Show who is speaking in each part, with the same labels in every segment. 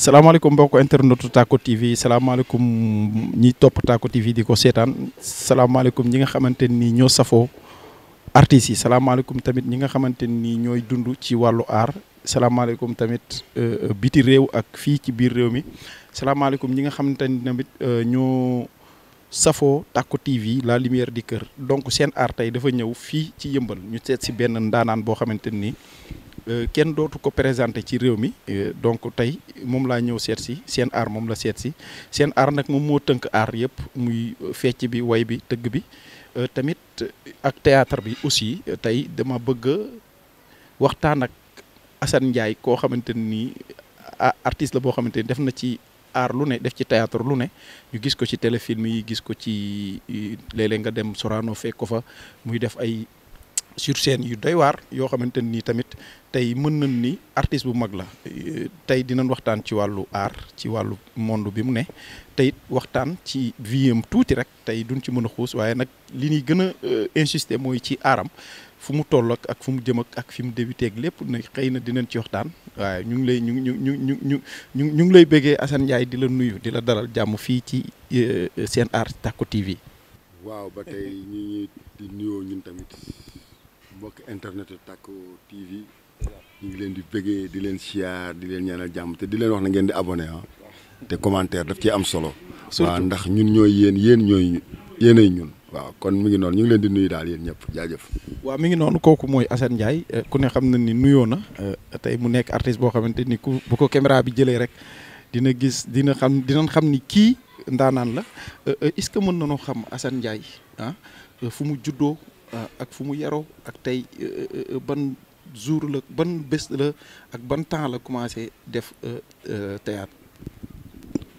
Speaker 1: salaamaaleykum mbokk internetu Tacko TV salaamaaleykum ñi topp Tacko TV di ko seetaan salaamaaleykum ñi nga xamante ni ñoo safoo artistes yi salaamaaleykum tamit ñi nga xamante ni ñooy dund ci wàllu aar salaamaaleykum tamit euh, biti réew ak fii ci biir réew mi salaamaaleykum ñi nga xamante ni tamit euh, ñoo safo Tacko TV la lumière di kër donc seen aar tey dafa ñëw fii ci yëmbal ñu seet si benn ndaanaan boo xamante ni. Euh, kenn dootu ko présenté ci réew mi euh, donc tey moom laa ñëw seet si seen aar moom la seet si seen aar nag moom moo tënk aar yëpp muy fecc bi way bi tëgg bi euh, tamit ak théâtre bi aussi tey dama bëgg waxtaan ak Assane Ndiaye koo xamante ni artiste la boo xamante ni def na ci aar lu ne def ci théâtre lu ne ñu gis ko ci téléfilm yi gis ko ci léeg nga dem Sorano fekk ko fa muy def ay sur scène yu doy waar yoo xamante nii tamit tey mën nañ ni artiste bu mag la tey dinañ waxtaan ci wàllu art ci wàllu monde bi mu ne tey waxtaan ci vie tuuti rek tey duñ ci mën a xuus waaye nag li ñuy gën a euh, insister mooy ci aaram fu mu tolloog ak fu mu jëm ak ak fi mu débuté ak lépp ne xëy na dinañ ci waxtaan waaye ñu ngi lay ñu ñu ñu ñu ñu ñu ñu ngi lay bëggee Assane Ndiaye di la nuyu di la dalal jàmm fii ci euh, seen art Tacko TV.
Speaker 2: waaw ba tey ñu ngi ñun tamit. mbokk internet Tacko TV ñu ngi leen di bëggee di leen siyaar di leen ñaanal jàmm te di leen wax na ngeen di abonné ah. te commentaire daf ci am solo. waaw ndax ñun ñooy yéen yéen ñooy yéenay ñun. waaw kon mu ngi noonu ñu ngi leen di nuyu daal yéen ñëpp jaajëf.
Speaker 1: waaw mi ngi noonu kooku mooy Assane Ndiaye eh, ku ne xam na ni nuyoo na eh, tey mu nekk artiste boo xamante ni ku bu ko caméra bi jëlee rek dina gis dina xam dina xam ni kii ndaanaan la eh, est-ce que mën nañoo xam Assane Ndiaye ah fu mu juddoo ak fu mu yaroo ak tey euh, euh, euh, ban jour la ban bés la ak ban temps la commencé def théâtre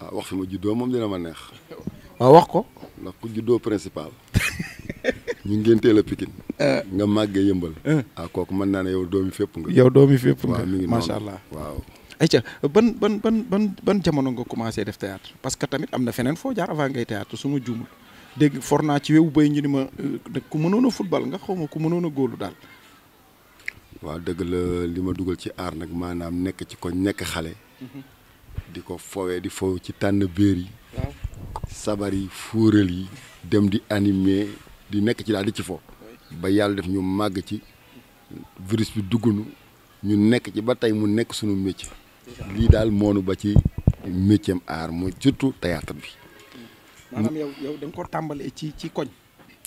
Speaker 1: waaw ah,
Speaker 2: wax fi ma juddoo moom dina ma neex waaw ah, wax ko ndax ku juddoo principal ñu ngéntee la Pikine nga màggee yëmbal ah kooku mën naa ne yow doomi fépp nga yow doomi fépp nga mi ngi macha allah
Speaker 1: waaw ayca ban ban ban ban ban jamono nga commencé def théâtre parce que tamit am na feneen foo jaar avant ngay théâtre su ma juumul dégg for naa ci wewu ba ñu ni ma euh, ku mënoon a nga xaw ma ku mënoon a góolu daal.
Speaker 2: waaw dëgg la li ma dugal ci aar nag maanaam nekk ci ko nekk xale. Mhm. di ko fowee di fow ci tànn béer yi. sabar yi fóoral yi dem di animer di nekk ci daal di ci fo. ba yàlla def ñu màgg ci virus bi duggunu ñu nekk ci ba tey mu nekk sunu métier. lii daal moonu ba ci métier am aar mooy surtout théâtre bi.
Speaker 1: maanaam yow yow da nga ko tàmbalee ci ci koñ.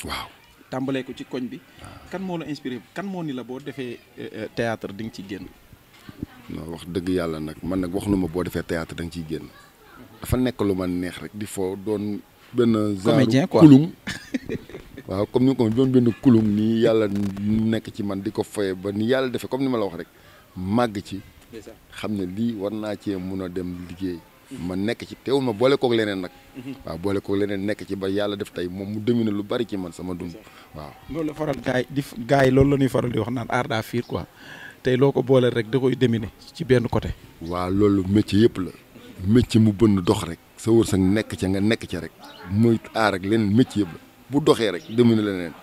Speaker 1: waaw tàmbalee ko ci koñ bi. kan moo la inspiré kan moo ni la boo defee eh, eh, théâtre di nga ci génn.
Speaker 2: non wax dëgg yàlla nag man nag wax nu ma boo defee théâtre da ciy génn. dafa nekk lu ma neex rek di foo doon. benn genre kulum waaw comme ni ko doon benn kulum nii yàlla nekk ci man di ko foye ba ni yàlla defee comme ni ma la wax rek màgg ci. xam ne lii war naa cee mun a dem liggéey. ma nekk ci teewul ma boole kook leneen nag. Mhm. waaw boole kook leneen nekk ci ba yàlla def tey moom mu domine lu bari ci man sama dund.
Speaker 1: waaw loolu la faral gars yi di gars yi loolu la ñuy faral di wax naan aar daa fiir quoi tey loo ko booleel rek da koy dominer ci benn côté.
Speaker 2: waaw loolu métier yëpp la. métier mu bënn dox rek. sa wërsëg nekk ca nga nekk ca rek. muy aar ak leneen métier yëpp la. bu doxee rek dominer leneen.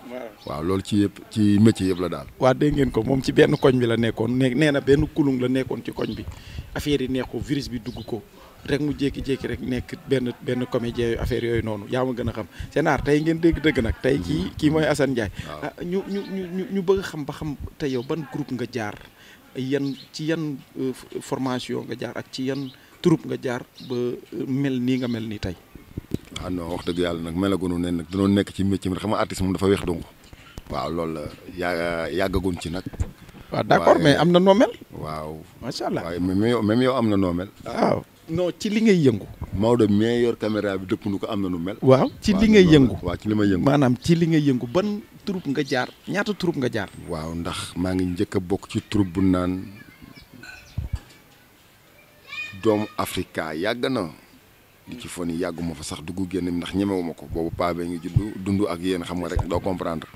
Speaker 1: waaw loolu ci yëpp ci métier yëpp la daal. waa dégg ngeen ko moom ci benn koñ bi la nekkoon nee nee na benn kulung la nekkoon ci koñ bi affaire yi neex bi dugg ko. rek mu jékki-jékki rek nekk benn benn comédien affaire yooyu noonu yaa ma gën a xam scénar tey ngeen dégg dëgg nag tey kii kii mooy Assane Ndiaye ah, ñu ñu ñu ñu bëgg xam ba xam tey yow ban groupe nga jaar yan ci yan euh, formation nga jaar ak ci yan troupe nga jaar ba euh, mel nii nga mel nii tey
Speaker 2: waaw ah, non wax dëgg yàlla nag melagonu ne nag danoo nekk ci métier mi xam moom dafa weex donc waaw loolu la yàggagun ci nag waaw d'accord mais am na noo mel waaw macha allah waaye même am na noo non ci li ngay yëngu. Maodo mais yor caméra bi dëpp nu ko am na nu mel. waaw ci li ngay
Speaker 1: yëngu waaw ci li may yëngu. maanaam ci li ngay yëngu
Speaker 2: ban troupe nga jaar ñaata troupe nga jaar. waaw ndax maa ngi njëkk a bokk ci troupe bu naan doomu Afrika yàgg na. di ci foni yàgguma fa sax dugg génn ndax ñemewuma ko boobu paa bee ngi juddu dund ak yéen xam nga rek doo comprendre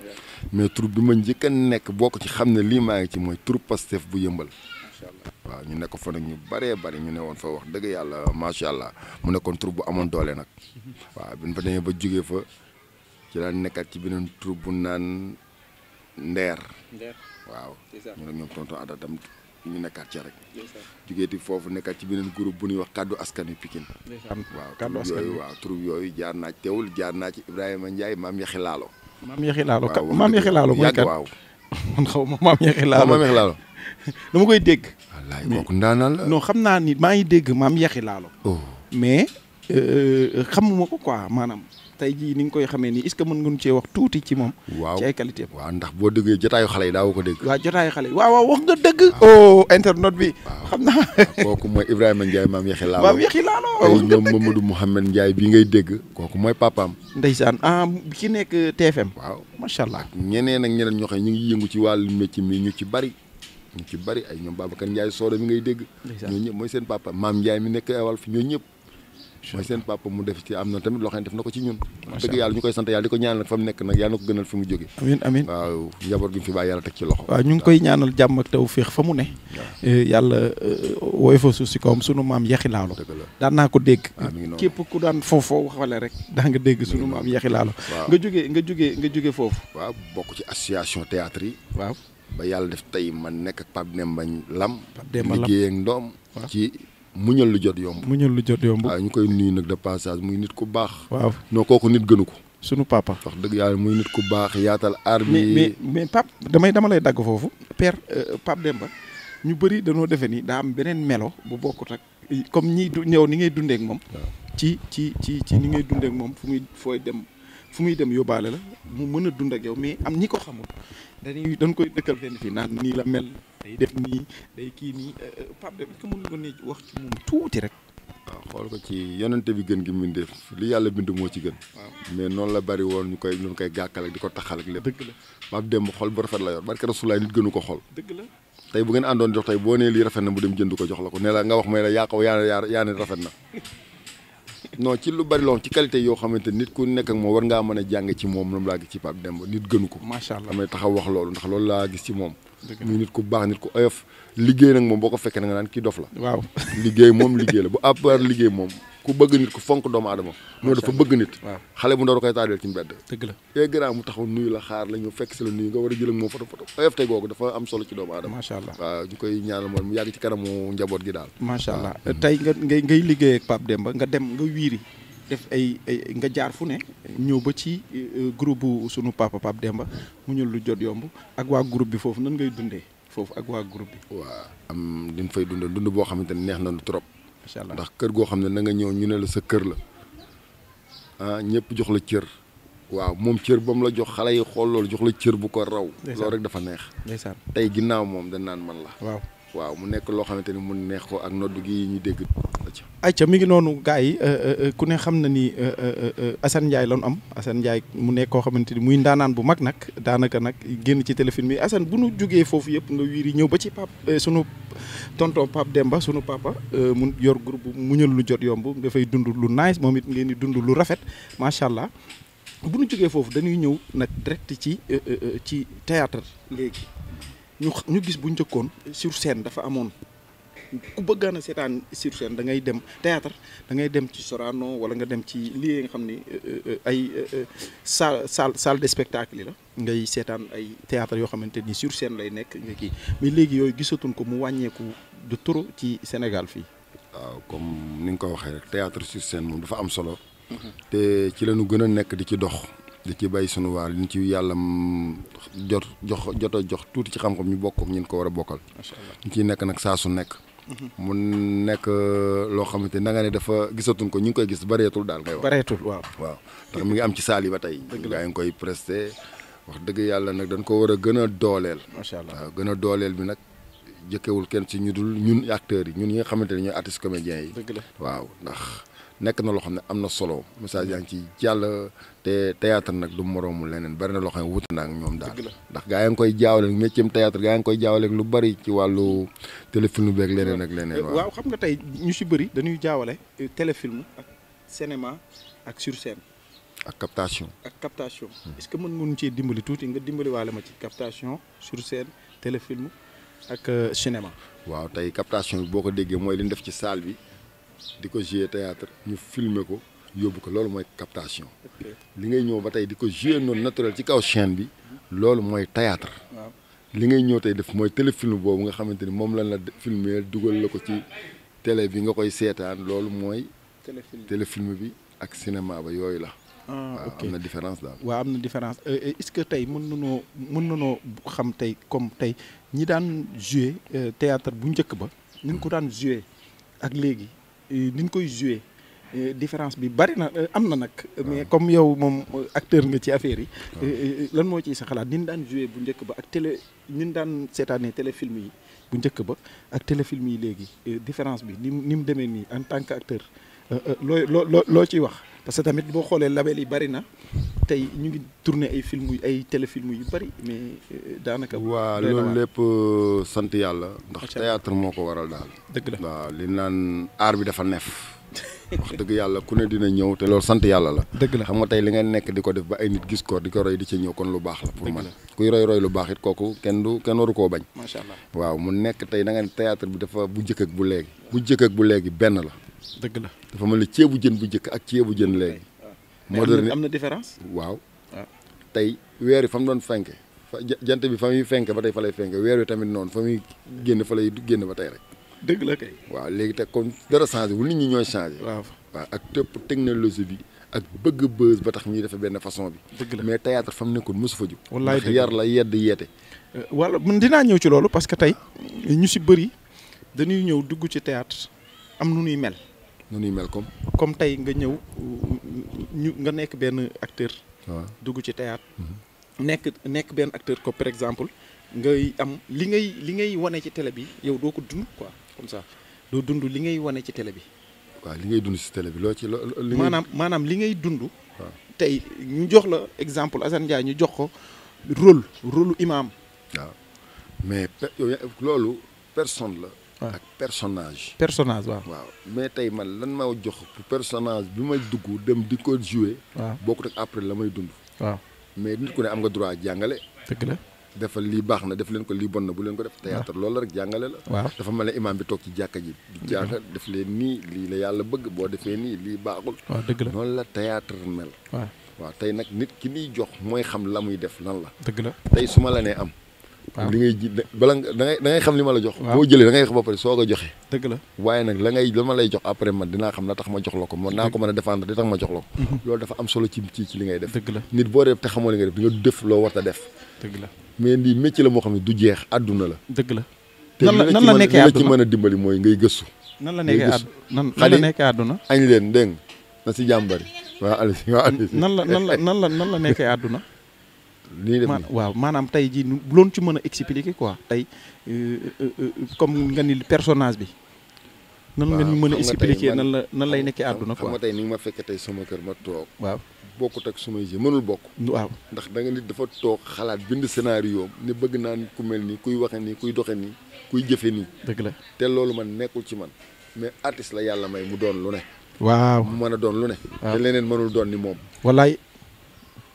Speaker 2: mais troupe bi ma njëkk a nekk bokk ci xam ne lii maa ngi ci mooy troupe Pastef bu yëmbal. macha waaw ñu nekk fa nag ñu bare bëri ñu ne woon fa wax dëgg yàlla macha allah mu nekkoon troupe bu amoon doole nag waaw bi ñu fa demee ba jógee fa ci la nekkaat ci beneen troupe bu naan ndeer waaw ñu nag ñoom tonton Ada tam ñu nekkaat ci rek jógeeti foofu nekkaat ci beneen groupe bu ñuy wax kàddu askan wi Pikine waaw kàddu askan yooyu waaw troupe yooyu jaar naa teewul jaar naa ci Ibrahima Ndiaye maam yaxi laalo
Speaker 1: maam yaxi laalo maam yaxi laalo mooy kat waaw man ma maam yaxi laalo dama koy dégg. wallaay kooku ndaanaan la non xam naa ni maa ngi dégg maam yaxi laalo. Oh. mais euh, xamuma ko quoi maanaam. tey jii ni nga koy xamee nii est-ce mën nga cee wax tuuti ci moom.
Speaker 2: waaw ci ay ndax boo déggee jotaayu xale yi daawoo ko dégg.
Speaker 1: waaw jotaayu xale yi waaw wax nga dëgg. Ah. oh
Speaker 2: internet bi. xam naa ah, kooku mooy Ibrahima Ndiaye maam yaxi laalo maam yaxi laalo. wax nga ñoom Mamadou Mouhamed Ndiaye bi ngay dégg. kooku mooy papaam. ndeysaan ah ki nekk TFM. waaw macha allah ñeneen ak ñeneen ñoo xam ñu ngi yëngu ci wàll métier mii ñu ci bari. mu ci bari ay ñoom Babacar Ndiaye sooda mi ngay dégg ñoo ñëpp mooy seen papa maam Ndiaye mi nekk awal fi ñoo ñëpp mooy seen papa mu def ci am na tamit loo ne def na ko ci ñun dëgg yàlla ñu koy sant yàlla di ko ñaanal fa mu nekk nag yàlla ko gënal fi mu jóge amiin amiin waaw njaboot gi mu fi bàyyi yàlla teg ci loxo
Speaker 1: waaw ñu ngi koy ñaanal jàmm ak tawféex mu ne eh, yàlla eh, wooy fa suuf si sunu maam yaxi laalo daan naa ko dégg képp ku daan foofoo waxale rek daa nga dégg sunu maam yaxi laalo nga jógee nga jógee nga jógee foofu
Speaker 2: waaw bokk ci association théâtre yi waaw ba yàlla def tey man nekk ak Pape Demba Lam. Pape Demba Lam liggéey ak ndoom ci muñal lu jot yomb. muñal lu jot yomb. waaw ñu koy nuyu nag de passage muy nit ku baax. waaw non kooku nit gënu ko. sunu papa. wax dëgg yàlla muy nit ku baax
Speaker 1: yaatal aar bi. mais mais damay dama lay dagg foofu. père euh, Pape Demba ñu bëri danoo defe nii daa am beneen melo bu bokkut ak comme ñiy du ñëw ni ngay dundeek moom. ci ci ci ci ni ngay dundee moom fu muy fooy dem. fu muy dem yóbbaale la mu mën a dund ak yow mais am ñi ko xamul dañuy dañ koy dëkkal fenn fii naan nii la mel day def nii day kii nii euh, euh, Pape Demba ko mën wax ci moom rek.
Speaker 2: waaw ah, xool ko ci yonente bi gën gi mbindeef li yàlla bind moo ci gën. mais noonu la bari woon ñu koy ñu koy gàkkal di ko taxal ak lépp. dëgg la Pape Demba bu rafet la yor barke Rasulaay nit gënu ko xol. dëgg la tey bu ngeen àndoon jox boo nee lii rafet na mu dem jënd ko jox la ko nee la nga wax may la yaa ko yaa yaa ne rafet na. non ci lu bari loo ci qualité yoo xamante nit ku nekk ak moom war ngaa mën a jàng ci moom lu mu laa gis ci Pape Demba nit gënu ko. macha allah damay taxaw wax loolu ndax loolu laa gis ci moom. muy nit ku baax nit ku oyof liggéey nag moom boo ko fekkee na nga naan kii dof la waaw liggéey moom liggéey la bu àpar liggéey moom ku bëgg nit ku fonk doomu adama moo dafa bëgg nit xale bu ndaw koy taadeel la eh, mu taxaw nuyu la xaar la ñu fekk si la nuyu jël ak moom photo photo oyof te dafa am solo ci doomu aadama macha allah waaw ñu koy ñaanal mooy mu yàgg ci kanamu njaboot gi daal
Speaker 1: macha allah tey nga ngay ngay liggéey ak dem ba nga dem nga wiiri def ay ay nga jaar fu ne ñëw ba ci euh, groupe bu sunu papa Pape Demba mu ñëw lu jot yomb ak waa groupe bi foofu nan ngay dundee foofu ak waa group bi. waa
Speaker 2: am dañ fay dund dund boo xamante ne neex na lu trop. macha allah ndax kër goo xam ne na nga ñëw ñu ne la sa kër la ah ñëpp jox la cër. waaw moom cër ba mu la jox xale yi xool loolu jox la cër bu ko raw. loolu rek dafa neex. ndeysaan tey ginnaaw moom dañ naan man la. waaw waaw mu nekk loo xamante ni mu neex ko ak noddu gi ñu dégg.
Speaker 1: ayca mi ngi noonu gars yi euh, euh, euh, ku ne xam na ni Assane Ndiaye loonu am Assane Ndiaye mu nekk koo xamante ni muy ndaanaan bu mag nag daanaka nag génn ci téléfilm bi Assane bu nu jógee foofu yëpp nga wiiri ñëw ba ci pap sunu tonton Pape Demba sunu papa mu yor groupe muñal lu jot yomb dafay dund lu nice moom it ngeen di dund lu rafet macha allah bu nu jógee foofu dañuy ñëw nag direct ci ci théâtre léegi ñu ñu gis bu njëkkoon sur scène dafa amoon ku bëggaan a seetaan sur scène da ngay dem théâtre da ngay dem ci Sorano wala nga dem ci lii nga xam ni euh, euh, ay euh, salle salle salle de spectacle yi la ngay seetaan ay théâtre yoo xamante ni sur scène lay nekk nga kii mais léegi yooyu gisatuñ ko mu wàññeeku de trop ci Sénégal fii.
Speaker 2: waaw comme ni nga ko waxee rek théâtre sur moom dafa am solo. Mhm. te ci la ñu gën a nekk di ci dox. di ci bay sunu waar li ñu ci yàlla jot jox jot a jox tuuti ci xam-xam ñu bokk ak ñin ko war a bokkal. macha allah nag saa su nekk. mu nekk euh, loo xamante na nga ne dafa gisatuñ ko ñu ngi koy gis bareetul daal ngay wax. bareetul waaw waaw ndax mi ngi am ci saal yi ba tey. dëgg ngi koy presté wax dëgg yàlla nag dañ ko war a gën a dooleel. macha allah waaw gën a dooleel bi nag. jëkkewul kenn ci ñu dul ñun acteurs yi ñun ñi nga xamante ne ñooy artistes comédiens yi. dëgg la waaw ndax nekk na loo xam ne am na solo message yaa ngi ci jàll te théâtre nag du moroomu leneen bari na loo xam ne wuute na ak ñoom daal ndax gaa yaa ngi koy jaawale métier am théâtre gaa yaa ngi koy jaawale lu bari ci wàllu téléfilm beeg leneen ak leneen waaw
Speaker 1: xam nga tey ñu si bëri dañuy jaawale euh, téléfilm ak cinéma ak sur scène ak captation ak captation hmm. est que mën nga ñu cee dimbali tuuti nga dimbali waale ma ci captation sur scène téléfilm ak
Speaker 2: euh, cinéma waaw tey captation bi boo ko déggee mooy li ñu def ci salle bi di ko jouer théâtre ñu filmer ko yóbbu ko loolu mooy captation li ngay ñëw ba tey di ko jouer noonu naturel ci kaw chaîne bi loolu mooy théâtre li ngay ñëw tey def mooy téléfilm boobu nga xamante ni moom lañ la filmer dugal la ko ci télé bi nga koy seetaan loolu mooy téléfilm bi ak cinéma ba yooyu la
Speaker 1: ah ok am na différence daal. waaw am na différence euh, euh, est-ce que tey mën nañoo mën nañoo xam tey comme tey ñi daan jouer euh, théâtre bu njëkk ba. ni ñu ko daan jouer ak léegi ni ñu koy jouer Euh, différence bi bari na euh, am na nag. Euh, mais ah. comme yow moom acteur nga ci affaire yi. Ah. lan moo ciy sa xalaat ni ñu daan joué bu njëkk ba ak télé ni ñu daan seetaanee téléfilm yi bu njëkk ba ak téléfilm yi léegi différence bi ni mu ni mu demee nii en tant que acteur loo loo loo ciy wax. parce que tamit boo xoolee label yi bari na tey ñu ngi tourné ay film ay ay téléfilm yu bari mais daanaka. waaw loolu
Speaker 2: lépp sant yàlla. ndax théâtre moo ko waral daal. dëgg la waaw li naan aar bi dafa neef. wax dëgg yàlla ku ne dina ñëw te loolu sant yàlla la dëgg la xam nga tey li nga nekk di ko def ba ay nit gis ko di ko roy di ci ñëw kon lu baax la pour man kuy roy roy lu baax it kooku kenn du kenn waru koo bañ macha allah waaw mu nekk tey da nga théâtre bi dafa bu njëkk ak bu léegi bu njëkk bu léegi benn la dëgg la dafa mel ni ceebu jën bu njëkk ak ceebu jën léegi moderne am na différence waaw ah. tey weer yi fa mu doon fenke jant bi fa muy fenk ba tey fa lay fenk weer wi tamit noonu fa muy génn fa lay génn ba tey rek dëgg la kay. waaw léegi te kon dara changé wul nit ñi ñooy changé. waaw waaw ak tëpp technologie bi ak bëgg buzz ba tax ñuy defee benn façon bi. dëgg la mais théâtre fa mu nekkoon mosu fa jóg.
Speaker 1: wallaay dëgg yar la yedd yeete. Euh, wala mun dinaa ñëw ci loolu parce que tey ñu si bëri dañuy ñëw dugg ci théâtre am nu nuy mel. nu nuy mel comme. comme tey nga ñëw ñu nga nekk benn acteur. dugg ci théâtre mhm. nekk nekk benn acteur ko par exemple ngay am li ngay li ngay wane ci télé bi yow doo ko dund quoi. comme ça doo dund li ngay wane ci télé bi. waaw li ngay dund si télé bi loo ci loo. li ngay maanaam maanaam li ngay dund. tey ñu jox la exemple Assane Ndiaye ñu jox ko rôle rôle imaam. waaw
Speaker 2: mais loolu personne la. ak personnage.
Speaker 1: personnage waaw. waaw
Speaker 2: mais tey man lan ma jox personnage bi may dugg dem di ko jouer. waaw bokkut ak après la may dund. waaw mais nit ko ne am nga droit jàngale. dëgg la. defal lii baax na def leen ko lii bon na bu leen ko def théâtre lool la rek jàngale la waaw dafa mel ne imaam bi toog ci jàkka ji di jàng def leen nii lii la yàlla bëgg boo defee nii lii baaxul waaw dëgg la noonu la théâtre mel waaw waaw tey nag nit ki liy jox mooy xam la muy def lan la dëgg la tey su ma la nee am li ngay ji bala da ngay xam li ma la jox boo jëlee da ngay wax pare soog a joxe dëgg la waaye nag la ngay la ma lay jox après man dinaa xam la tax ma jox la ko man naa ko mën a défendre di tax ma jox mhm. loolu dafa am solo ci ci ci li ngay def dëgg la nit boo def te xamoo li ngay def nga def loo war def dëgg la mais lii métier la moo xam ne du jeex àdduna la dëgg la te nan la nekkee àdduna la ci mën a dimbali mooy ngay gëstu nan la nekkee àdduna nan la nekkee àdduna añ leen dégg na
Speaker 1: si jàmbari waa Aliou waa Aliou nan la nan la nan la nan la nekkee àdduna lii def waaw maanaam tey jii loon ci mën a expliquer quoi tey euh, euh, euh, comme nga ni personnage bi. nan nga ñu mën a expliquer nan la nan lay nekkee àdduna quoi xam ni nga ma
Speaker 2: fekk tey kër ma toog. waaw bokkut ak sumay ji mënul bokk. waaw ndax da nga nit dafa toog xalaat bind scénario ni bëgg naa ku mel ni kuy waxe nii kuy doxe nii kuy jëfe nii. dëgg la te loolu man nekkul ci man mais artiste la yàlla may mu doon lu ne. waaw mu mën a doon lu ne. te leneen mënul doon ni moom. wallaay.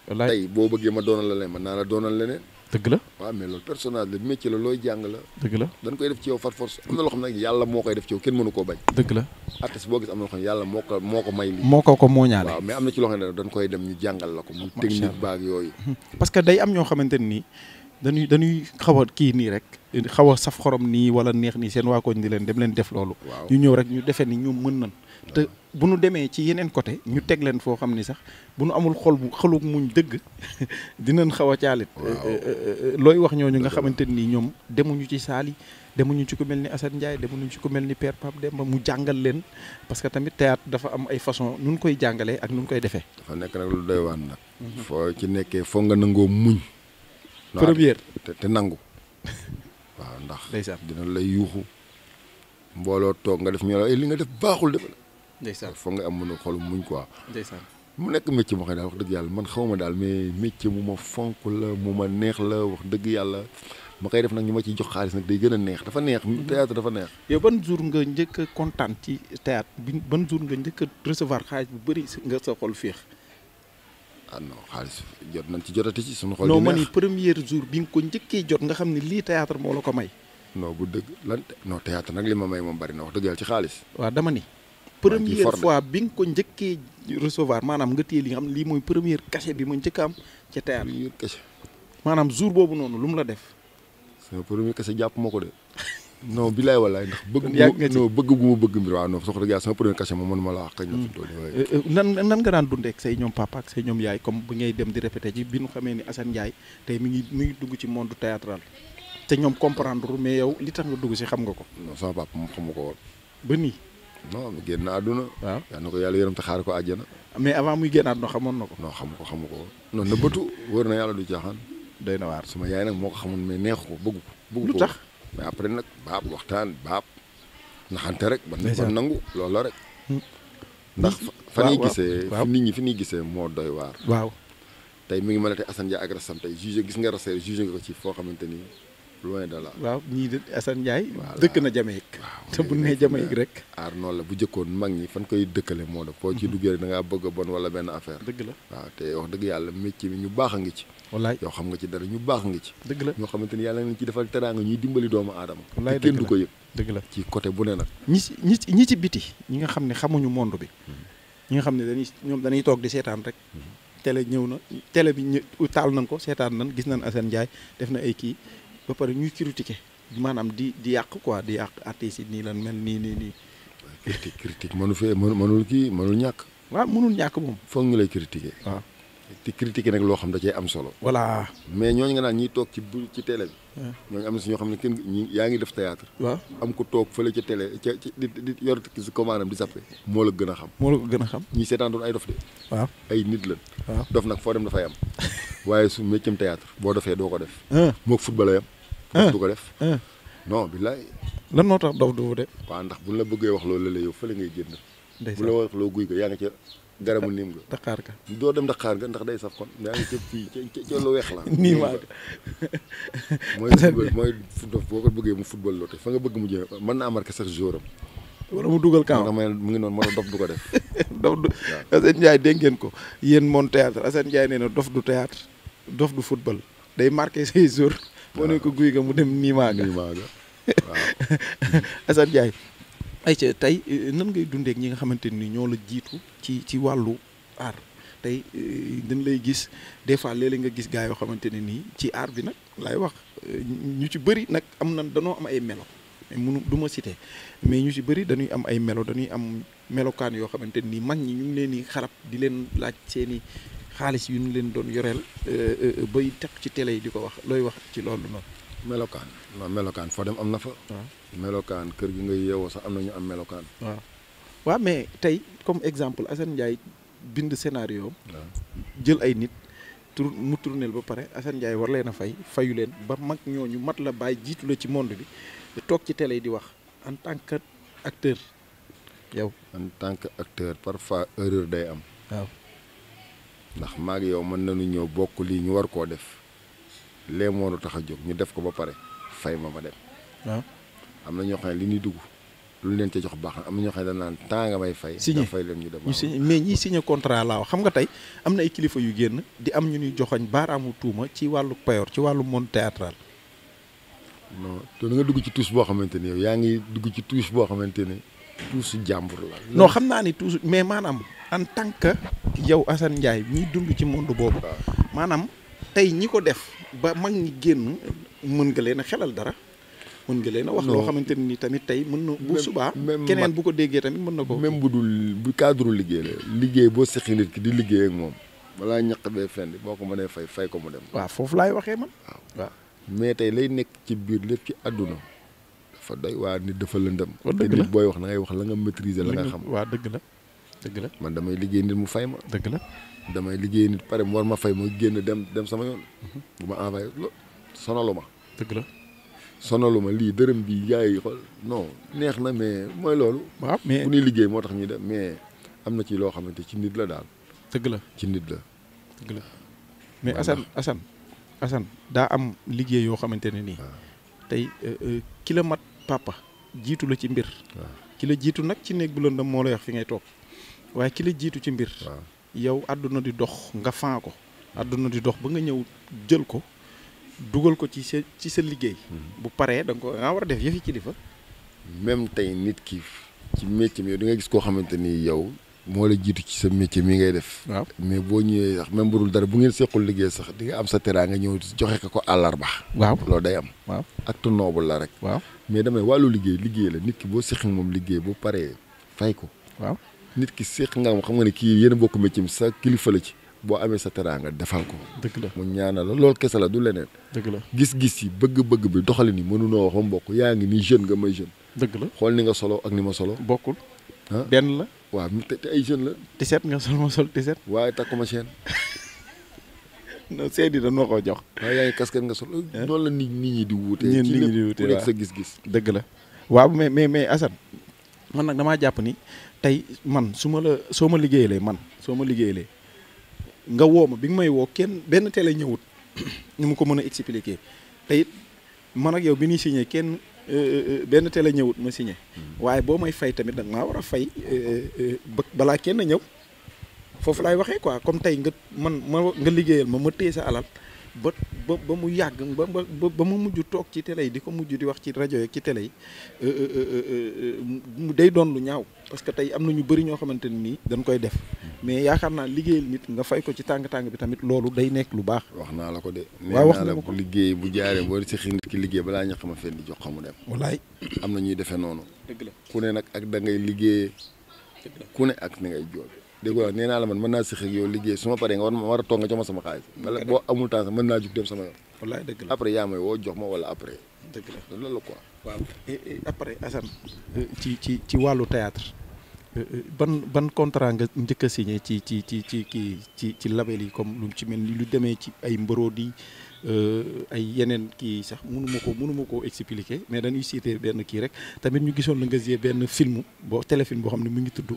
Speaker 2: wallaay boo bëggee ma doonal la leneen mën naa la doonal leneen. dëgg la waaw mais loolu personnage la métier la looy jàng la. dëgg la dañ koy def ci yow far force yàlla moo ko moo ko may lii. moo ko ko mooñaale waaw mais am na ci loo xam ne dañ koy dem ñu
Speaker 1: parce que day am ñoo xamante ni dañuy dañuy xaw a kii nii rek xaw a saf xorom nii wala neex nii seen waa koñ di leen dem leen def loolu. ñu ñëw rek ñu defee ni ñoom mën nañ te bu nu demee ci yeneen côté ñu teg leen foo xam ni sax bu nu amul xol bu xoluk muñ dëgg dinañ xaw a caalit euh, euh, euh, looy wax ñooñu nga xamante nii ñoom demuñu ci saali demuñu ci ko mel ni Assane Ndiaye demuñu ci ko mel ni per Père dem Demba mu jàngal leen parce que tamit théâtre dafa am ay façon nun koy jàngalee ak nun koy defee dafa
Speaker 2: nekk nag lu doy waan nag mhm. foo ci nekkee foo nga nangoo muñ première te nangu waaw ndax dina lay yuuxu mbooloo toog nga def ñu la li nga def ndeysaan foog nga am mën a xool muñ quoi. ndeysaan mu nekk métier moo xam daal wax dëgg yàlla man xaw ma daal mais métier mu ma fonk la mu ma neex la wax dëgg yàlla ma koy def nag ñu ma ciy jox xaalis nag day gën a neex dafa neex. Mhm. théâtre dafa
Speaker 1: neex. yow ban jour nga njëkk a kontaan ci théâtre bi ban jour nga njëkk a recevoir bu bëri nga sa xol féex.
Speaker 2: ah xaalis jot nañ ci jotati ci suñu xol. di neex non
Speaker 1: man bi nga ko njëkkee jot nga xam ne lii théâtre moo la ko may.
Speaker 2: non bu dëgg lan noo
Speaker 1: théâtre nag li ma may moom bari na wax dëgg yàlla ci xaalis. waa dama ni. première fois bi nga ko njëkkee recevoir maanaam nga téye li nga xam lii mooy première cachet bi ma njëkk am ca théâtre noonu lu mu la def
Speaker 2: sama premier cachet jàpp ma ko de bi laay walaay
Speaker 1: ndax bëgg non
Speaker 2: bëgg bu bëgg mbir waaw non soxna yaa ma na suñ
Speaker 1: tool mm. euh, euh, nan nan nga daan dundee ak say ñoom papa ak say ñoom yaay comme bu ngay dem di répété ji bi nu xamee ni mais yow li tax nga dugg si xam nga ko non sama papa ko woon ba nii non
Speaker 2: génn àdduna. waaw yal na ko yàlla yërëm te xaar ko àjjana. mais avant muy génn àdduna xamoon na ko. noo xamu ko xamu ko woon. non nëbbatu wóor na yàlla du caaxaan. doy na waar suma yaay nag moo ko xamoon mais neexu ko bëgg ko. bëgg ko lu tax mais après nag baab waxtaan baab naxante rek. ba ban nangu loolu la rek. Hmm. ndax fa ñuy gisee. fi ni ñi fi ñuy gisee moo doy waar. waaw tey mu ngi mel ne tey Assane tey jugé gis nga Rassane jugé nga ko ci foo xamante ni loin de là
Speaker 1: waaw ñii de Assane Ndiaye. dëkk na
Speaker 2: Jamaïque. te bu nee Jamaïque rek. aar noonu la bu jëkkoon mag ñi fan koy dëkkale moo da foo ci mhm. duggee da ngaa bëgg a bon wala benn affaire. dëgg la waaw te wax dëgg yàlla métier bi ñu baax a ngi ci. wallaay yow xam nga ci dara ñu baax nga ci. dëgg la ñoo xamante ni yàlla nañ ci defal teraanga ñuy dimbali doomu aadama. wallaay la kenn du ko yëg. dëgg
Speaker 1: la ci côté bu ne nag. ñi ci ñi ci biti ñi nga xam ne xamuñu monde bi. Mhm. ñi nga xam ne dañuy ñoom dañuy toog di seetaan rek mhm. télé ñëw na télé bi taal nañ ko seetaan nañ gis nañ Assane Ndiaye def na ay kii ba pare ñuy critiquer maanaam di di yàq quoi di yàq artistes yi nii lan mel nii nii nii.
Speaker 2: critique critique mënu fee mënu mënul kii mënul ñàkk. waa mënul ñàkk moom. foog ñu lay critiquer. waaw te critiquer nag loo xam da cee am solo. voilà mais ñooñu nga naan ñiy toog ci bu ci télé bi. ñooñu am na si ñoo xam ne kenn yaa ngi def théâtre waa am ko toog fële ca télé ca di di yor si commande am di sappe moo la gën a xam moo la gën a xam ñi seetaan doon ay dof de waaw ay nit lan waaw dof nag foo dem dafay am waaye su méccam théâtre boo defee doo ko def moo football la yam du ko def non billaay lan noo tax dof du de waa ndax buñ la bëggee wax loolu la lay yow fële ngay génn bu la wax loo guy ko yaa nga ca garabu niim nga. daqaar ga doo dem daqaar ga ndax day saf kon yaa ngi cëpp fii ca ca lu weex la. nii waaw mooy football mooy football boo ko bëggee mu football loo te fa nga bëgg mu jëme mën
Speaker 1: na amarke sax jour am. wala mu dugal camp mu ngi noonu moo tax dof du ko def. dof du Assane Ndiaye dégg ngeen ko yéen moom théâtre Assane Ndiaye nee na dof du théâtre dof du football day marqué say jour. boo ne guy ga mu dem niimaa ga. niimaa ga waaw ayca tey euh, nan ngay dundeek ñi nga xamante nii ñoo la jiitu ci ci wàllu aar tey euh, dañ lay gis des fois léeg nga gis gaa yoo xamante ne nii ci aar bi nag laay wax euh, ñu ci bëri nag am na danoo am ay melo munu du mais ñu ci bëri dañuy am ay melo dañuy am melokaan yoo xamante nii mag ñi ñu ngi leen di xarab di leen laaj seeni xaalis yu ñu leen doon yoreel bay tax ci télé yi di ko wax looy wax ci loolu noonu. melokaan
Speaker 2: non melokaan foo dem am na fa. melokaan kër gi nga yeewoo sax am na ñu am melokaan.
Speaker 1: waaw waaw mais tey comme exemple Assane Ndiaye bind scénario jël ay nit tur mu tournel ba pare Assane Ndiaye war leen a fay fayu leen ba mag ñu mat la bàyyi jiitu la ci monde bi toog ci yi di wax en tant que acteur
Speaker 2: yow. en tant que acteur parfois erreur day am. waaw ndax maag yow mën nañu ñëw bokk lii ñu war koo def lee moonu tax a jóg ñu def ko ba pare fay ma ma dem. waaw am na ñoo xam ne li ñuy
Speaker 1: dugg lu leen ca jox baax na am na ñoo xam ne dañ temps nga may fay. signé nga fay leen ñu dem ñu signé mais ñi signé contrat laaw xam nga tey am na ay kilifa yu génn di am ñu ñuy joxoñ baaraamu tuuma ci wàllu payoor ci wàllu monde théâtral
Speaker 2: non te da nga dugg ci tuus boo xamante ni yaa ngi dugg ci tuus boo xamante ni tuusu jàmbur la.
Speaker 1: non xam naa ni tuus mais maanaam en tant que yow Assane Ndiaye ñi dund ci monde boobu. maanaam tey ñi ko def ba mag ñi génn mën nga leen a xelal dara. mën nga leen a wax loo xamante ni tamit tey mën na bu subaa keneen bu
Speaker 2: ko déggee tamit mën na ko même bu dul bu cadre liggéey la liggéey boo seqi nit ki di liggéey moom moom balaa ñaq bee fenn boo ko mënee fay fay ko mu dem
Speaker 1: waaw foofu laay waxee
Speaker 2: man waaw mais tey lay nekk ci biir lépp ci àdduna dafa doy waa nit dafa lëndëm oh, te nit booy wax na ngay wax la nga maîtriser la nga xam waaw dëgg la dëgg la man damay liggéey nit mu fay ma dëgg la damay liggéey nit pare mu ma fay ma génn dem dem sama yoon mhm. bu ma envoyé loolu sonalu ma dëgg la sonaluma lii dërëm bi yaay xool non neex na mais mooy loolu. waaw mais bu ñuy liggéey moo tax ñuy dem mais am na ci loo xamante ci nit la daal. dëgg la ci nit la.
Speaker 1: dëgg la mais Assane Assane Assane daa am liggéey yoo xamante ne nii. tey euh, euh, ki la mat papa jiitu la ci mbir. ki la jiitu nag ci néeg bu lëndam moo lay wax fi ngay toog waaye ki la jiitu ci mbir. yow àdduna di dox nga fan ko. àdduna di dox ba nga ñëw jël ko. dugal ko ci sa ci sa liggéey. Mm-hmm. bu paree danga ko nga war a def yëfi kilifa.
Speaker 2: même tey nit ki ci métier mi da nga gis koo xamante ni yow. moo la jiitu ci sa métier mi ngay def. waaw mais boo ñëwee sax même dara bu ngeen sequl liggéey sax di nga am sa nga ñëw joxe ko ko àllarba. waaw loolu day am. waaw acte noble la rek. waaw mais damay wàllu liggéey liggéey la nit ki boo seqee moom liggéey bu paree fay ko. waaw nit ki seq nga am xam nga ne kii yéen a bokk métier sa kilifa la ci. boo amee sa teraanga defal ko. dëgg la mu ñaana la loolu kese la du leneen. dëgg la gis-gis yi bëgg-bëgg bi doxalin yi mënunoo wax ba mbokk yaa ngi nii jeune nga may jeune. dëgg la xool ni nga solo ak ni ma solo. bokkul ah benn la. waaw te ay jeune la. 17 nga sol ma sol 17. waaye takkuma chaîne. non seedi dañ ma koo jox. waaw yaa ngi nga solo.
Speaker 1: noonu la nit ñi di wuute. ñun nit ñi di wuute waaw gis-gis. dëgg la waaw mais mais mais Assane man nag damaa jàpp ni tey man su ma la soo ma liggéeyalee man soo ma liggéeyalee nga woo ma bi nga may woo kenn benn télé ñëwut ñu ma ko mën a expliquer te man ak yow bi ñuy signé kenn euh, euh, euh, benn télé ñëwut ma signé hmm. waaye boo may fay tamit nag maa war a fay balaa kenn ñëw foofu laay waxee quoi comme tey nga man ma nga liggéeyal ma ma téye sa alal ba ba ba mu yàgg ba ba mu mujj toog ci télé yi di ko mujj di wax ci rajo yi ci télé yi euh, euh, euh, day doon lu ñaaw parce que tey am na ñu bëri ñoo xamante ne nii dañ koy def mais yaakaar naa liggéeyal nit nga fay ko ci tàng-tàng bi tamit loolu day nekk lu baax. wax naa la
Speaker 2: ko de. waaw wax naa la ko liggéey bu jaaree boo si xindi ki liggéey balaa ñu xam a fenn di jox xamu dem. wallaay am na ñuy defee noonu. dëgg la ku ne nag ak da ngay liggéeyee. ku ne ak na ngay joobe dégg nga nee naa la man mën naa sëq yow liggéey su ma paree nga war ma war a toog nga jox ma sama xaalis. boo amul temps sax mën naa jug dem sama yoon. wallaay dëgg la après yaa may woo jox ma wala après. dëgg loolu la quoi. waaw après Assane.
Speaker 1: Euh, ci ci ci wàllu théâtre ban ban contrat nga njëkk a ci ci ci ci kii ci ci label yi comme lu ci mel ni lu demee ci ay mborodi euh, ay yeneen kii sax mënuma ko mënuma koo expliquer mais dañuy cité benn kii rek tamit ñu gisoon la nga gisee benn film boo téléfilm boo xam ne mu ngi tudd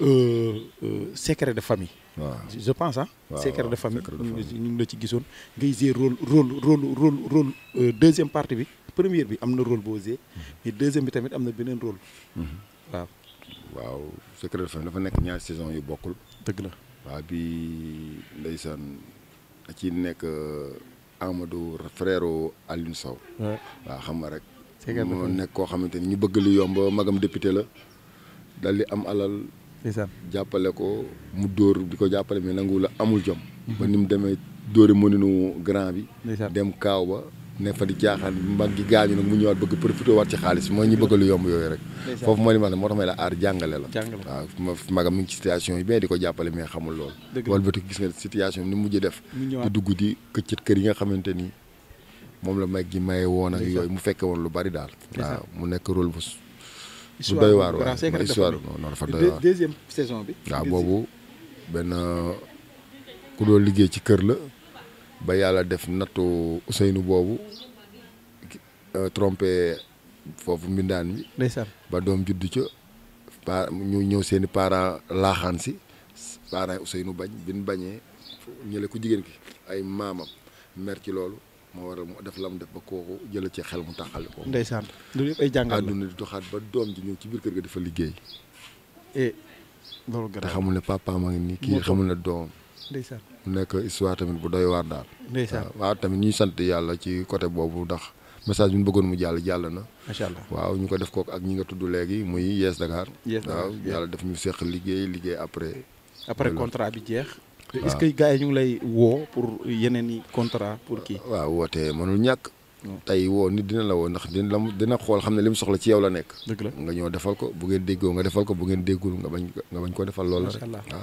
Speaker 1: euh, euh, secret de famille. waaw je pense ah. secret de famille ñu ngi la ci gisoon. nga gisee rôle deuxième partie bi première bi am na rôle boo gisee mhm. mais deuxième bi tamit am na beneen rôle.
Speaker 2: Mhm. waaw. waaw secret de dafa nekk ñaari saison yu bokkul. dëgg la waaw bi ndeysaan da ci nekk euh, Amadou frère Alioune Sow. waaw xam nga rek. moo nekk koo xamante ni ñu bëgg lu yomb magam député la dal di am alal. jàppale ko mu dóor di ko jàppale mais nangu la amul jom. Mhm. ba ni mu demee dóore mëninu grand bi. dem kaaw ba. ne fa di jaaxal mag gi gaañu nag mu ñëwaat bëgg profité waat ci xaalis mooy ñu bëgg lu yomb yooyu rek foofu moo li ma ne moo tax may la aar jàngale la waaw mi ngi ci situation yi mais di ko jàppale mais xamul lool wala bëti gis nga situation ni mujj def di dugg di yi nga xamante ni moom la mag gi may woon ak yooyu mu fekkee woon lu bari daal waaw mu nekk rôle bu bu doy waar waaw histoire non dafa doy waar deuxième saison bi waaw boobu benn ku doon liggéey ci kër la ba yàlla def nattu Ousseynou boobu euh, trompé foofu mbindaan bi ba doom juddu ca pa ñu ñëw seeni i laaxaan si parents Ousseynou bañ bin bañee ñële ku jigéen ki ay maamam mer loolu moo war mu def la def ba kooku jëla ci xel mu taxal ko ndeysaan loolu ay jàngal di doxaat ba doom ji ñëw ci biir kër gi dafa liggéey eh, te xamul ne papa ma ngi nii kii xamul ne doom ndeysaan mu nekk histoire tamit bu doy waar daal. ndeysaan waaw tamit ñuy sant yàlla ci côté boobu ndax message bi ñu bëggoon mu jàll jàll na. macha allah waaw ñu ko def kook ak ñi nga tudd léegi muy Yes Dakar. Yes Dakar waaw yàlla def ñu seq liggéey liggéey après. après contrat bi jeex. waaw est-ce que
Speaker 1: yi ñu ngi lay woo pour yeneen i contrat pour kii. waaw
Speaker 2: woote mënul ñàkk. tey woo nit dina la woo ndax dina la dina xool xam ne li mu soxla ci yow la nekk. dëgg la nga ñëw defal ko bu ngeen déggoo nga defal ko bu ngeen déggul nga ko defal loolu la.
Speaker 1: macha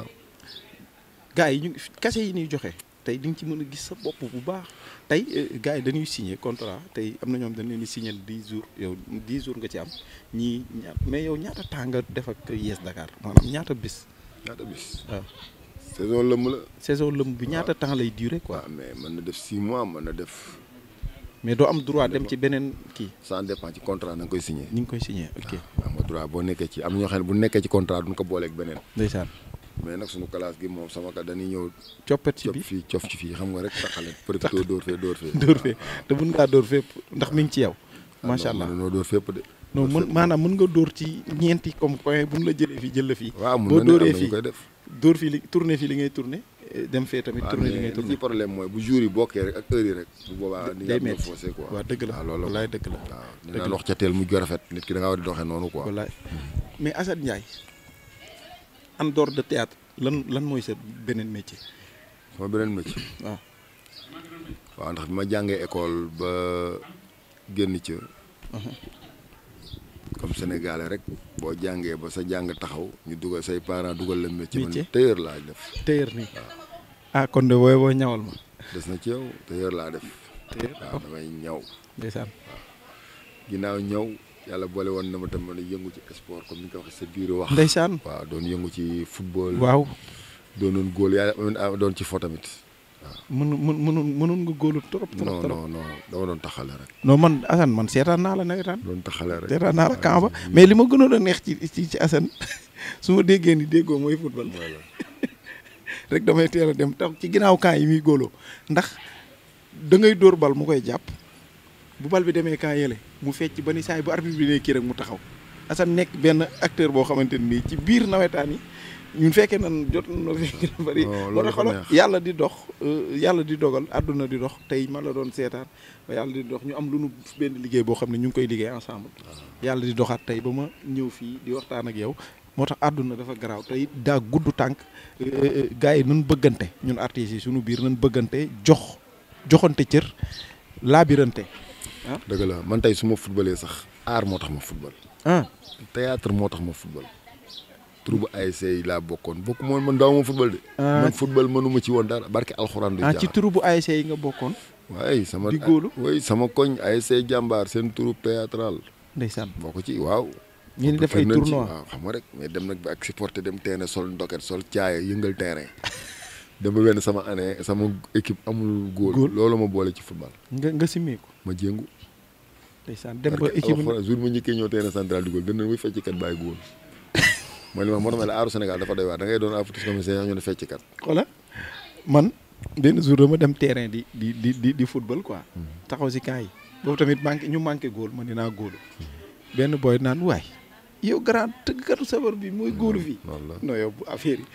Speaker 1: gars yi ñu kase yi ñuy joxe tey di nga ci mën a gis sa bopp bu baax tey euh, gars yi dañuy signer contrat tey am na ñoom dañ leen di signer 10 jours yow 10 jours nga ci am ñii mais yow ñaata temps nga def ak Yes Dakar maanaam ñaata bis. ñaata bis waaw. Ah. saison lëmb la. saison lëmb bi ah. ñaata temps lay durer quoi. Ah, mën na def 6 mois mën na def. mais doo am droit dem ci beneen kii. ça dépend ci koy signer. ni nga koy signer ok.
Speaker 2: am nga droit boo nekkee ci am ñoo xam bu nekkee ci contrat duñ ko booleek beneen. ndeysaan. mais nag sunu classe gi moom sama ka dañuy ñëw. coppat ci bi fii cof ci fii xam nga rek taxale përëb dóor fee dóor fee. dóor
Speaker 1: fee te mën ngaa dóor fépp ndax mi ci yow. Ah, macha allah non dóor fépp de. maanaam mën nga dóor ci ñeenti comme point bu la jëlee fii jël la fii. waaw mën na ne am def fii li tourné fii li ngay tourné. Eh, dem fee tamit tourné li ngay tourné
Speaker 2: problème mooy bu jour yi bokkee rek ak heure yi rek. bu boobaa
Speaker 1: ni nga faussé quoi waaw dëgg la ah, wallaay dëgg la waaw dëgg la wax
Speaker 2: ca teel mu rafet nit ki da ngaa war di doxee noonu
Speaker 1: quoi. wallaay hmm. mais en dehors de théâtre lan lan mooy sa beneen métier. sama beneen métier. waaw. waaw ndax bi ma jàngee
Speaker 2: école ba génn ca. Uh-huh. comme sénégalais rek boo jàngee ba sa jàng taxaw ñu dugal say parent dugal la métier. métier man tailleur laa def.
Speaker 1: tailleur nii ah kon de booy boo ñawal ma.
Speaker 2: des na ci yow tailleur laa def. tailleur waaw damay ñaw. ginnaaw ñaw. yàlla boole woon na ma tam mën yëngu ci sport comme ni ko waxee sa biir wax. ndeysaan waaw doon yëngu ci football. waaw doonoon góol yàlla doon ci fo tamit.
Speaker 1: mënu mënu mënoon nga góolu trop. trop trop non
Speaker 2: non dama doon taxale rek.
Speaker 1: non man Assane man seetaan naa la nawetaan. Ah. doon taxale rek seetaan naa la Kamba ah, mm. mais li ma gënoon a neex ci ci ci Assane su ma déggee ni déggoo mooy football. rek damay teel dem tax ci ginnaaw camp yi muy góoloo ndax da ngay dóor bal mu koy jàpp. bu bal bi demee kaa yële mu fecc ba ni saay bu arbitre bi ne kii rek mu taxaw Assane nekk benn acteur boo xamante nii ci biir nawetaan yi ñun fekkee nan jot na fekk na oh, yàlla di dox euh, yàlla di dogal àdduna di dox tey ma la doon seetaan ba yàlla di dox ñu am lu nu benn liggéey boo xam ne ñu ngi koy liggéey ensemble ah. yàlla di doxaat tey ba ma ñëw fii di waxtaan ak yow moo tax àdduna dafa garaaw tey daa gudd tànk euh, euh, gars yi nan bëggante ñun artistes yi suñu biir nan bëggante jox joxante cër laabirante
Speaker 2: Ah. dëgg la man tey su ma footballee sax aar moo tax ma football. Ah. théâtre moo tax ma football. troupe ASC yi laa bokkoon bokk moom man daaw ma football de. Ah. man football mënuma ci woon dara barke alxuraan. di jaar ci
Speaker 1: troupe ASC yi nga bokkoon.
Speaker 2: waaye sama di góolu sama koñ ASC jàmbaar seen troupe théâtral. ndeysaan bokk ci waaw.
Speaker 1: ñu def ay tournoi
Speaker 2: waaw xam nga rek mais dem nag bi ak supporter dem terrain sol ndoket sol caaya yëngal terrain. dem ba benn sama année sama équipe amul góor loolu ma boole ci football. nga nga ko ma jéngu. ndeysaan dem ba équipe jour ma njëkkee ñëw terrain central dugal dënn muy fecckat bàyyi gu woon mooy li ma moo tax ma la aaru Sénégal dafa doy waar da doon artiste
Speaker 1: dem terrain di di di di di football quoi hmm. taxaw si camp yi boobu tamit manqué ñu manqué góol man naa góolu benn boy naan waay yow grand tëggkatu sabar bi mooy hmm. góolu fii non yow bu affaire yi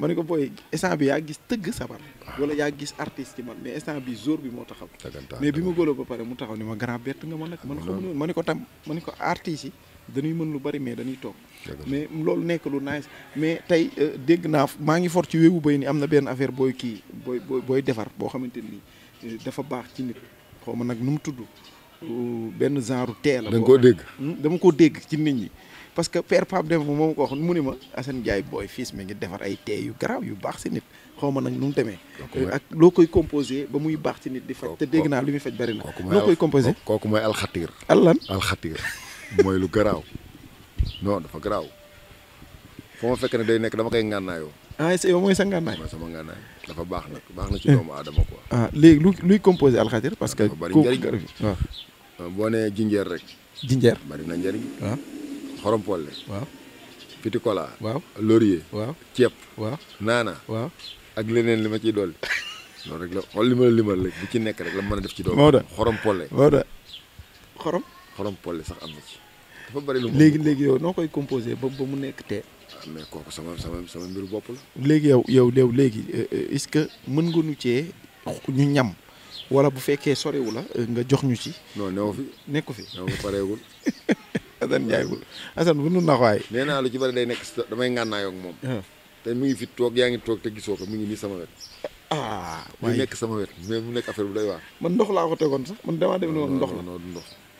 Speaker 1: ma ko booy instant bi yaa gis tëgg sabar wala yaa gis artiste ci man mais instant bi jour bi moo taxaw mais bi ma góoloo ba pare mu taxaw ni ma grand bett nga ma nag man xamu woon ma ko tam ma ne ko artistes yi dañuy mën lu bari mais dañuy toog mais loolu nekk lu mais tey euh, dégg naa maa ngi fort ci wéewu bay ni am na benn affaire booy kii booy booy defar boo xamante ni euh, dafa baax ci nit xaw ma nag nu mu tudd euh, benn genre tee la da koo dégg hmm, dama koo dégg ci nit ñi parce que per Pape Demba moom ko wax mu ni ma Assane Ndiaye booy fils mi ngi defar ay tee yu garaaw yu baax si nit xaw ma nag nu mu demee. ak loo koy composé ba muy baax si nit di faj. te dégg naa lu muy faj bari na. loo koy composé
Speaker 2: kooku mooy alxatiir. allan mooy lu garaaw. dafa garaaw. fu ma day nekk dama koy ngànnaayoo. ah sa yow mooy baax baax na ci eh. doomu aadama
Speaker 1: ah, lu luy composé alxatiir. parce que dafa bari njëriñ waaw.
Speaker 2: Euh, boo nee jinjeer rek. jinjeer bari na njëriñ ah. xorompolle waaw petit cola waaw laurier waaw ceeb waaw naana waaw ak leneen li ma ciy dolli loolu rek la xool li ma la limal rek ci nekk rek la mën a def ci doom Maodo xorom polle xorom xorom sax am na ci
Speaker 1: dafa léegi léegi noo koy composé ba ba mu nekk tee ah, mais kooku sama sama sama mbiru bopp léegi yow yow yow léegi euh, euh, est-ce que mën nga nu cee ñu ñam wala bu fekkee soriwu la euh, nga jox ñu ci non new fi nekku fi
Speaker 2: newu pareegul Assane Ndiaye bu nu nax waay. nee naa lu ci bari day nekk damay ngànnaayoo moom. te mu ngi fi toog yaa ngi toog te gisoo ko mu ngi nii sama wet. ah waaye nekk sama wet mais mu nekk affaire bu doy waar. man ndox laa ko tegoon
Speaker 1: sax man damaa dem ne woon ndox la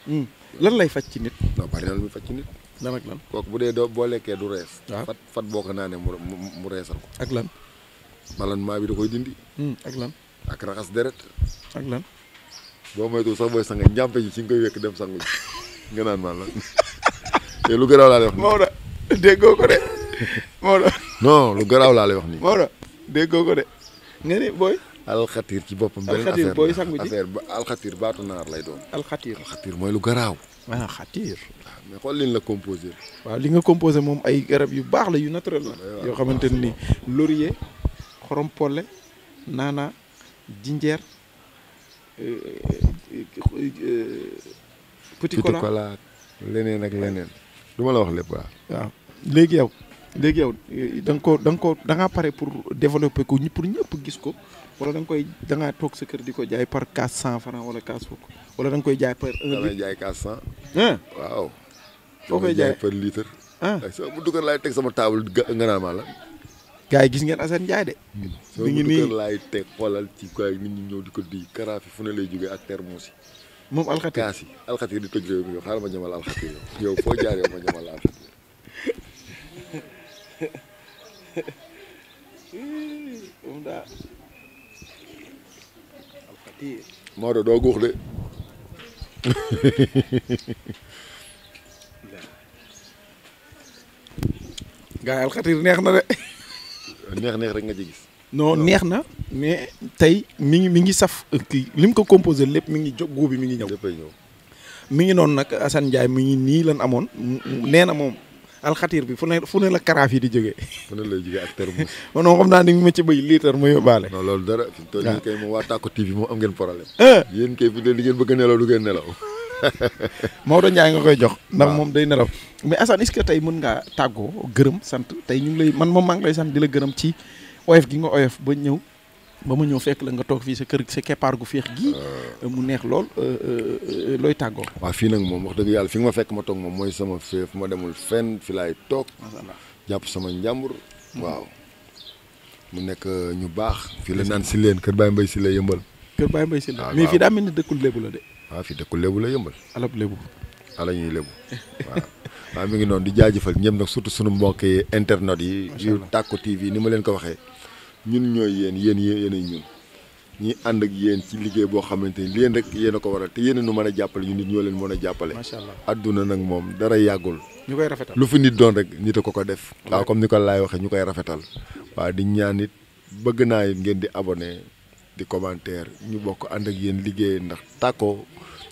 Speaker 1: hmm. lan lay faj ci nit. non bari na lu muy faj ci nit. lan ak lan
Speaker 2: kooku bu dee doo boo lekkee du rees. waaw ah. fat fat boo ko naanee mu mu reesal ko. ak lan. maa bi da koy dindi. Hmm, ak lan. ak raxas deret. ak lan. boo moytuwul sax booy sang njàmpe ji koy wekk dem sangu nga naan maa la lu garaaw laa lay wax nii. Maodo déggoo déggoo ko de nga ne booy. alxatir ci boppam. beneen affaire booy sangu ji affaire ba baatu naar lay doon.
Speaker 1: alxatir mooy lu garaaw. ah xatir. waaw ah,
Speaker 2: mais xool li la composé.
Speaker 1: waaw li nga composé moom ay garab yu baax la yu naturel la. yoo xamante ne nii laurier xorom naana jinjeer. Euh, euh, euh, petit cola leneen ak leneen
Speaker 2: du ma la wax lépp waaw.
Speaker 1: waaw léegi yow léegi yow da nga ko da nga ko da ngaa pare pour développer ko pour ñëpp gis ko wala da koy da ngaa toog sa kër di ko jaay par quatre cent franc wala quatre fukk wala da nga koy jaay par. un litre da foo koy jaay par litre.
Speaker 2: ah bu dugal laay teg sama table nga naan maa la.
Speaker 1: gars yi gis ngeen Assane Ndiaye de. Hmm. mi ngi nii soo bu
Speaker 2: dugal teg xoolal ci quoi nit ñi ñëw di ko di karaafi fu ne lay jógee ak termos yi. moom alxatir kaas yi alxatir di toj réew mi ma ñamal alxatir yow foo jaar yow ma ñamal
Speaker 1: alxatir moom daa alxatir doo guux de gaa yi alxatir neex na de neex neex rek nga ci gis non neex na mais tey mi ngi mi ngi saf kii li mu ko composé lépp mi ngi jóg góob bi mi ngi ñëw. mi ngi noonu nag Assane Ndiaye mi ngi nii lan amoon. nee na moom alxatir bi fu ne fu ne la karaaf yi di jógee. fu ne lay jógee ci béy litre ma yóbbaale.
Speaker 2: non dara fi mu toll nii ah. kay moom waa Tacko TV moom am ah.
Speaker 1: bëgg a nelaw du ngeen nelaw. Maodo Ndiaye nga koy jox. ndax moom day nelaw. mais Assane est-ce tey mën ngaa tàggoo gërëm sant tey ñu ngi lay man moom maa ngi lay sant di la gërëm ci oyof gi nga oyof ba ñëw ba ma ñëw fekk la nga toog fii sa kër gi sa keppaar gu féex gi euh. mu neex lool euh, euh, looy tàggoo
Speaker 2: waa fii nag moom wax dëgg yàlla fi nga ma fekk ma toog moom mooy sama féef ma demul fenn fi laay toog jàpp sama njàmbur hmm. waaw mu nekk ñu baax fii la naan si leen kër Baye mbay si la yëmbal
Speaker 1: kër Baye Mbaye si la ah, mais fii daa mel ni dëkkul lébu la de
Speaker 2: waaw ah, fii dëkkul lébu la yëmbal alab lébu ala ñuy lébu waaw mi ngi noonu di jaajëfal ñëpp nag surtout sunu mbokki internet yi yu Tacko TV ni ma leen ko waxee ñun ñooy yéen yéen yéenay ñun ñi ànd ak yéen ci liggéey boo xamante ni leen rek yéen a ko waral te yéen a nu mën a jàppale ñu leen mën a jàppale macha allah adduna nag moom dara yàggul
Speaker 1: ñu koy rafetal lu fi
Speaker 2: nit doon rek nit a ko ko def waaw comme ni ko laay waxee ñu koy rafetal waaw di ñaan nit bëgg naa it ngeen di abonné di commentaire ñu bokk ànd ak yéen liggéey ndax Tacko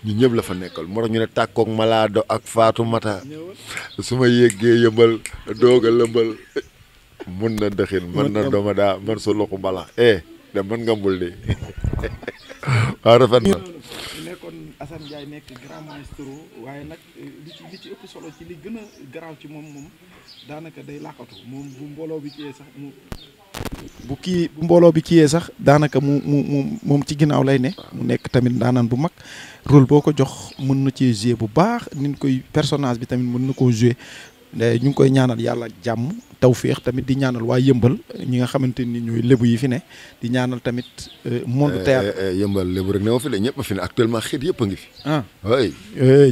Speaker 2: ñu ñëpp la fa nekkal moo tax ñu ne tàkkoog malaado ak faatu mata su ma yéggee yëmbal doog a lëmbal mun na dëxin mën na doma daa man sa loxu mbala eh da nga mbul di waaw rafet na
Speaker 1: nekkoon Assane Ndiaye nekk grand maestro waaye nag eh, li ci li ci ëpp solo ci li gën a garaaw ci moom moom daanaka day làqatu moom bu mbooloo bi ci sax mu bu kii bu mbooloo bi kiyee sax daanaka mu mu mu moom ci ginnaaw lay ne. mu nekk tamit ndaanaan bu mag rôle boo ko jox mun na cee jouer bu baax ni koy personnage bi tamit mën na koo jouer eh, ñu ngi koy ñaanal yàlla jàmm. tawféex tamit di ñaanal waa yëmbal ñi nga xamante ni ñooy lébu yi fi ne di ñaanal tamit euh, monde eh, théâtre
Speaker 2: eh, eh, yëmbal lébu rek ne fi la ñëpp fi ne actuellement xeet yëpp ngi fi ah.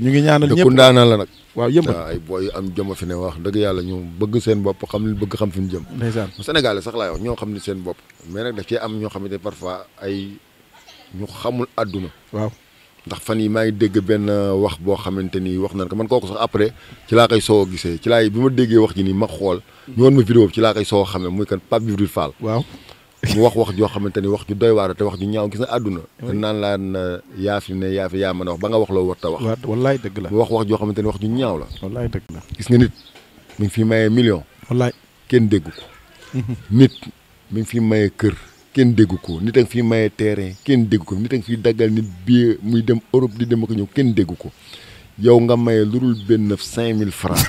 Speaker 2: ñu ngi ñaanal ñëpp ku ndaanaan la nag waaw yëmbal ay booy am jom fi ne wax dëgg yàlla ñu bëgg seen bopp xam ne bëgg xam fi ñu jëm ndeysaan Sénégal sax laay ñoo xam ni seen bopp mais nag daf cee am ñoo ne parfois ay ñu xamul àdduna waaw ndax fan yi maa ngi dégg benn wax boo xamante ni wax nan ko man ko sax après ci laa koy soo gisee ci laay bi ma déggee wax ji nii ma xool ñu woon ma vidéo bi ci laa koy soo xamee muy kan Pape Djibril Fall waaw mu wax wax joo xamante ni wax ju doy waar te wax ju ñaaw gis na àdduna naan laa euh, yaa fi ne yaa yaa mën a wax ba nga wax loo war ta wax wallaay dëgg la mu wax wax joo xamante ni wax ju ñaaw la wallaay dëgg la gis nga nit mi ngi fi mayee million wallaay kenn dégg ko nit mi ngi fi mayee kër kenn dégg ko nit a ngi maye terrain kenn dégg ko nit a ngi daggal nit bii muy dem Europe di dem ak ñëw kenn dégg ko yow nga maye lu dul benn cinq mille francs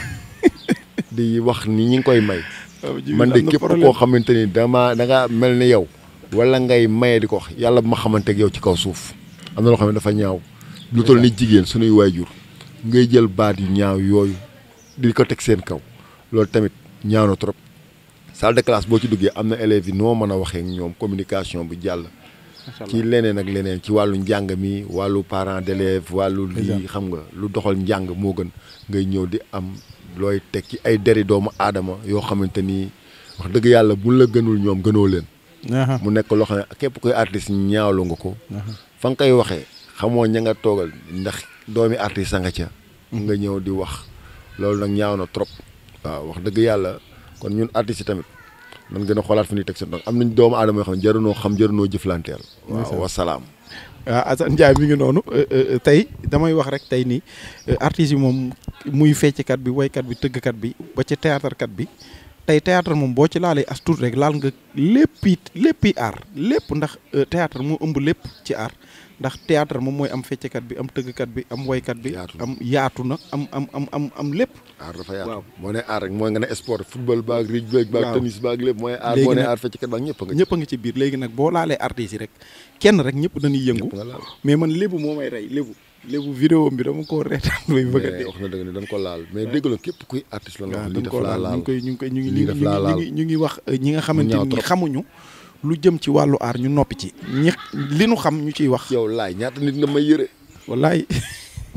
Speaker 2: di wax ni ñi koy may. Ah, man de képp koo xamante ni dama danga mel ni yow. wala ngay maye di ko wax yàlla bu ma xamante ak yow ci kaw suuf am na loo xam ne dafa ñaaw. lu toll ni jigéen sunuy waajur ngay jël baat yu ñaaw yooyu di ko teg seen kaw loolu tamit ñaaw na trop. salle de classe boo ci duggee am na élèves yi noo mën a waxee ñoom communication bu jàll. ci leneen ak leneen ci wàllu njàng mi wàllu parent d'élèves wàllu lii xam nga lu doxal njàng moo gën ngay ñëw di am looy teg ci ay deri doomu aadama yoo xamante ni wax dëgg yàlla bu la gënul ñoom gënoo leen mu nekk loo xam ne képp koy artiste ñaawlu nga ko fa nga koy waxee xamoo ña nga toogal ndax doomi artiste a nga ca uhm. nga ñëw di wax loolu nag ñaaw na trop kon ñun artistes yi tamit man gën a xoolaat fi ñuy teg seen am nañ
Speaker 1: doomu adama yoo xam ne jarunoo xam jarunoo jëflanteel. waaw wasalaam. waaw ah, Assane Ndiaye mi ngi noonu euh, euh, euh, tey damay wax rek tey nii artistes yi moom muy fecckat bi woykat bi tëggkat bi ba ci théâtre kat bi. tey théâtre moom boo ci laalee as tuut rek laal nga léppi léppi aar lépp ndax euh, théâtre moo ëmb lépp ci art ndax théâtre moom mooy am feccekat bi am tëggkat bi am woykat bi. am yaatu na am am am am am lépp. art dafa yaatu. waaw moo ne art rek mooy nga ne sport football baag rugby baag. waaw tennis baag lépp mooy art boo ne art feccekat baag ñëpp a nga ci. ñëpp nga ci biir léegi nag boo laalee artistes si rek kenn rek ñëpp dañuy yëngu. mais man lébu moo may rey lébu. léegi vidéo bi dama ko reetaan bay bëgg a dee wax
Speaker 2: na dëgg ne dañ ko laal mais déggaloo képp kuy artiste loolu wax dañ ko laal ñu ngi koy ñu ngi koy ñu ngi li
Speaker 1: ñu ngi wax euh, ñi nga xamante lu jëm ci wàllu aar ñu noppi ci li nu xam ñu ciy wax yow laay ñaata nit la may yëre
Speaker 2: wallaay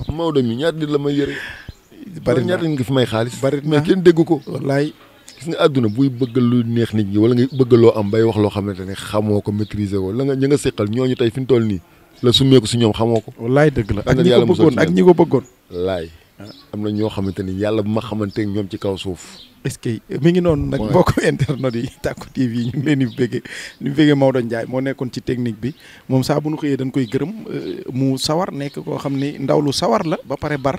Speaker 2: Maodo mi ñaata nit la may yëre bari ñaata nit ngi fi may xaalis bari mais kenn dégg ko wallaay gis nga àdduna buy bëgg lu neex nit ñi wala nga bëgg loo am bay wax loo xamante ne xamoo ko maîtriser woo la nga ñi nga séqal ñooñu tey fi ñu toll nii la summeeku si ñoom xamoo ko. wallaay dëgg la ak ñi ko bëggoon ak ñi ko bëggoon. laay ah. am na ñoo xamante ni yàlla bu ma xamante ne ñoom ci kaw suuf.
Speaker 1: est-ce que mi ngi noonu nag mbokk internet yi Tacko TV ñu ngi leen di béggee ñu béggee Maodo Ndiaye moo nekkoon ci technique bi moom saa bu nu xëyee dañ koy gërëm euh, mu sawar nekk koo xam ni ndaw lu sawar la ba pare bar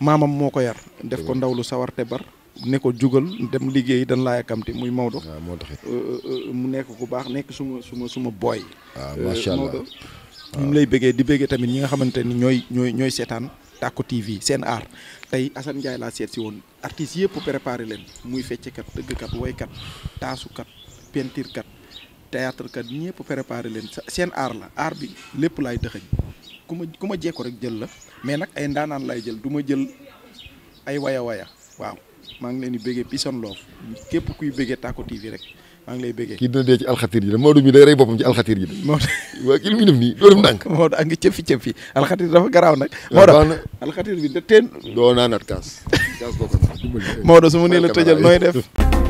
Speaker 1: maamam moo ko yar def ko ndaw lu sawar te bar ne ko jugal dem liggéey dañ laa yàkkamti muy Maodo ah, moo tax euh, euh, mu nekk ku baax nekk suma suma suma booy waaw ah, ñu ngi lay bëggee di bëggee tamit ñi nga xamante ni ñooy ñooy ñooy seetaan Tacko TV seen aar tey Assane Ndiaye laa seet si woon artistes yëpp préparé leen muy kat tëggkat kat taasukat peinturekat théâtre kat ñëpp préparé leen seen aar la aar bi lépp laay dëxëñ ku ma ku ma jekko rek jël la mais nag ay ndaanaan lay jël du ma jël ay waya waya waaw maa ngi leen di bëggee Peace and Love képp kuy bëggee Tacko TV rek maa ngi lay bëggee kii dina dee ci
Speaker 2: alxatir ji de Maodo mi day rey boppam ci alxatir ji de Maodo
Speaker 1: waa kii lu muy def nii doorum ndànk Maodo a ngi cëfi cëfi alxatir dafa garaaw nag Maodo alxatir bi da teen doo naanaat kaas kaas boo ko Maodo su ma nee def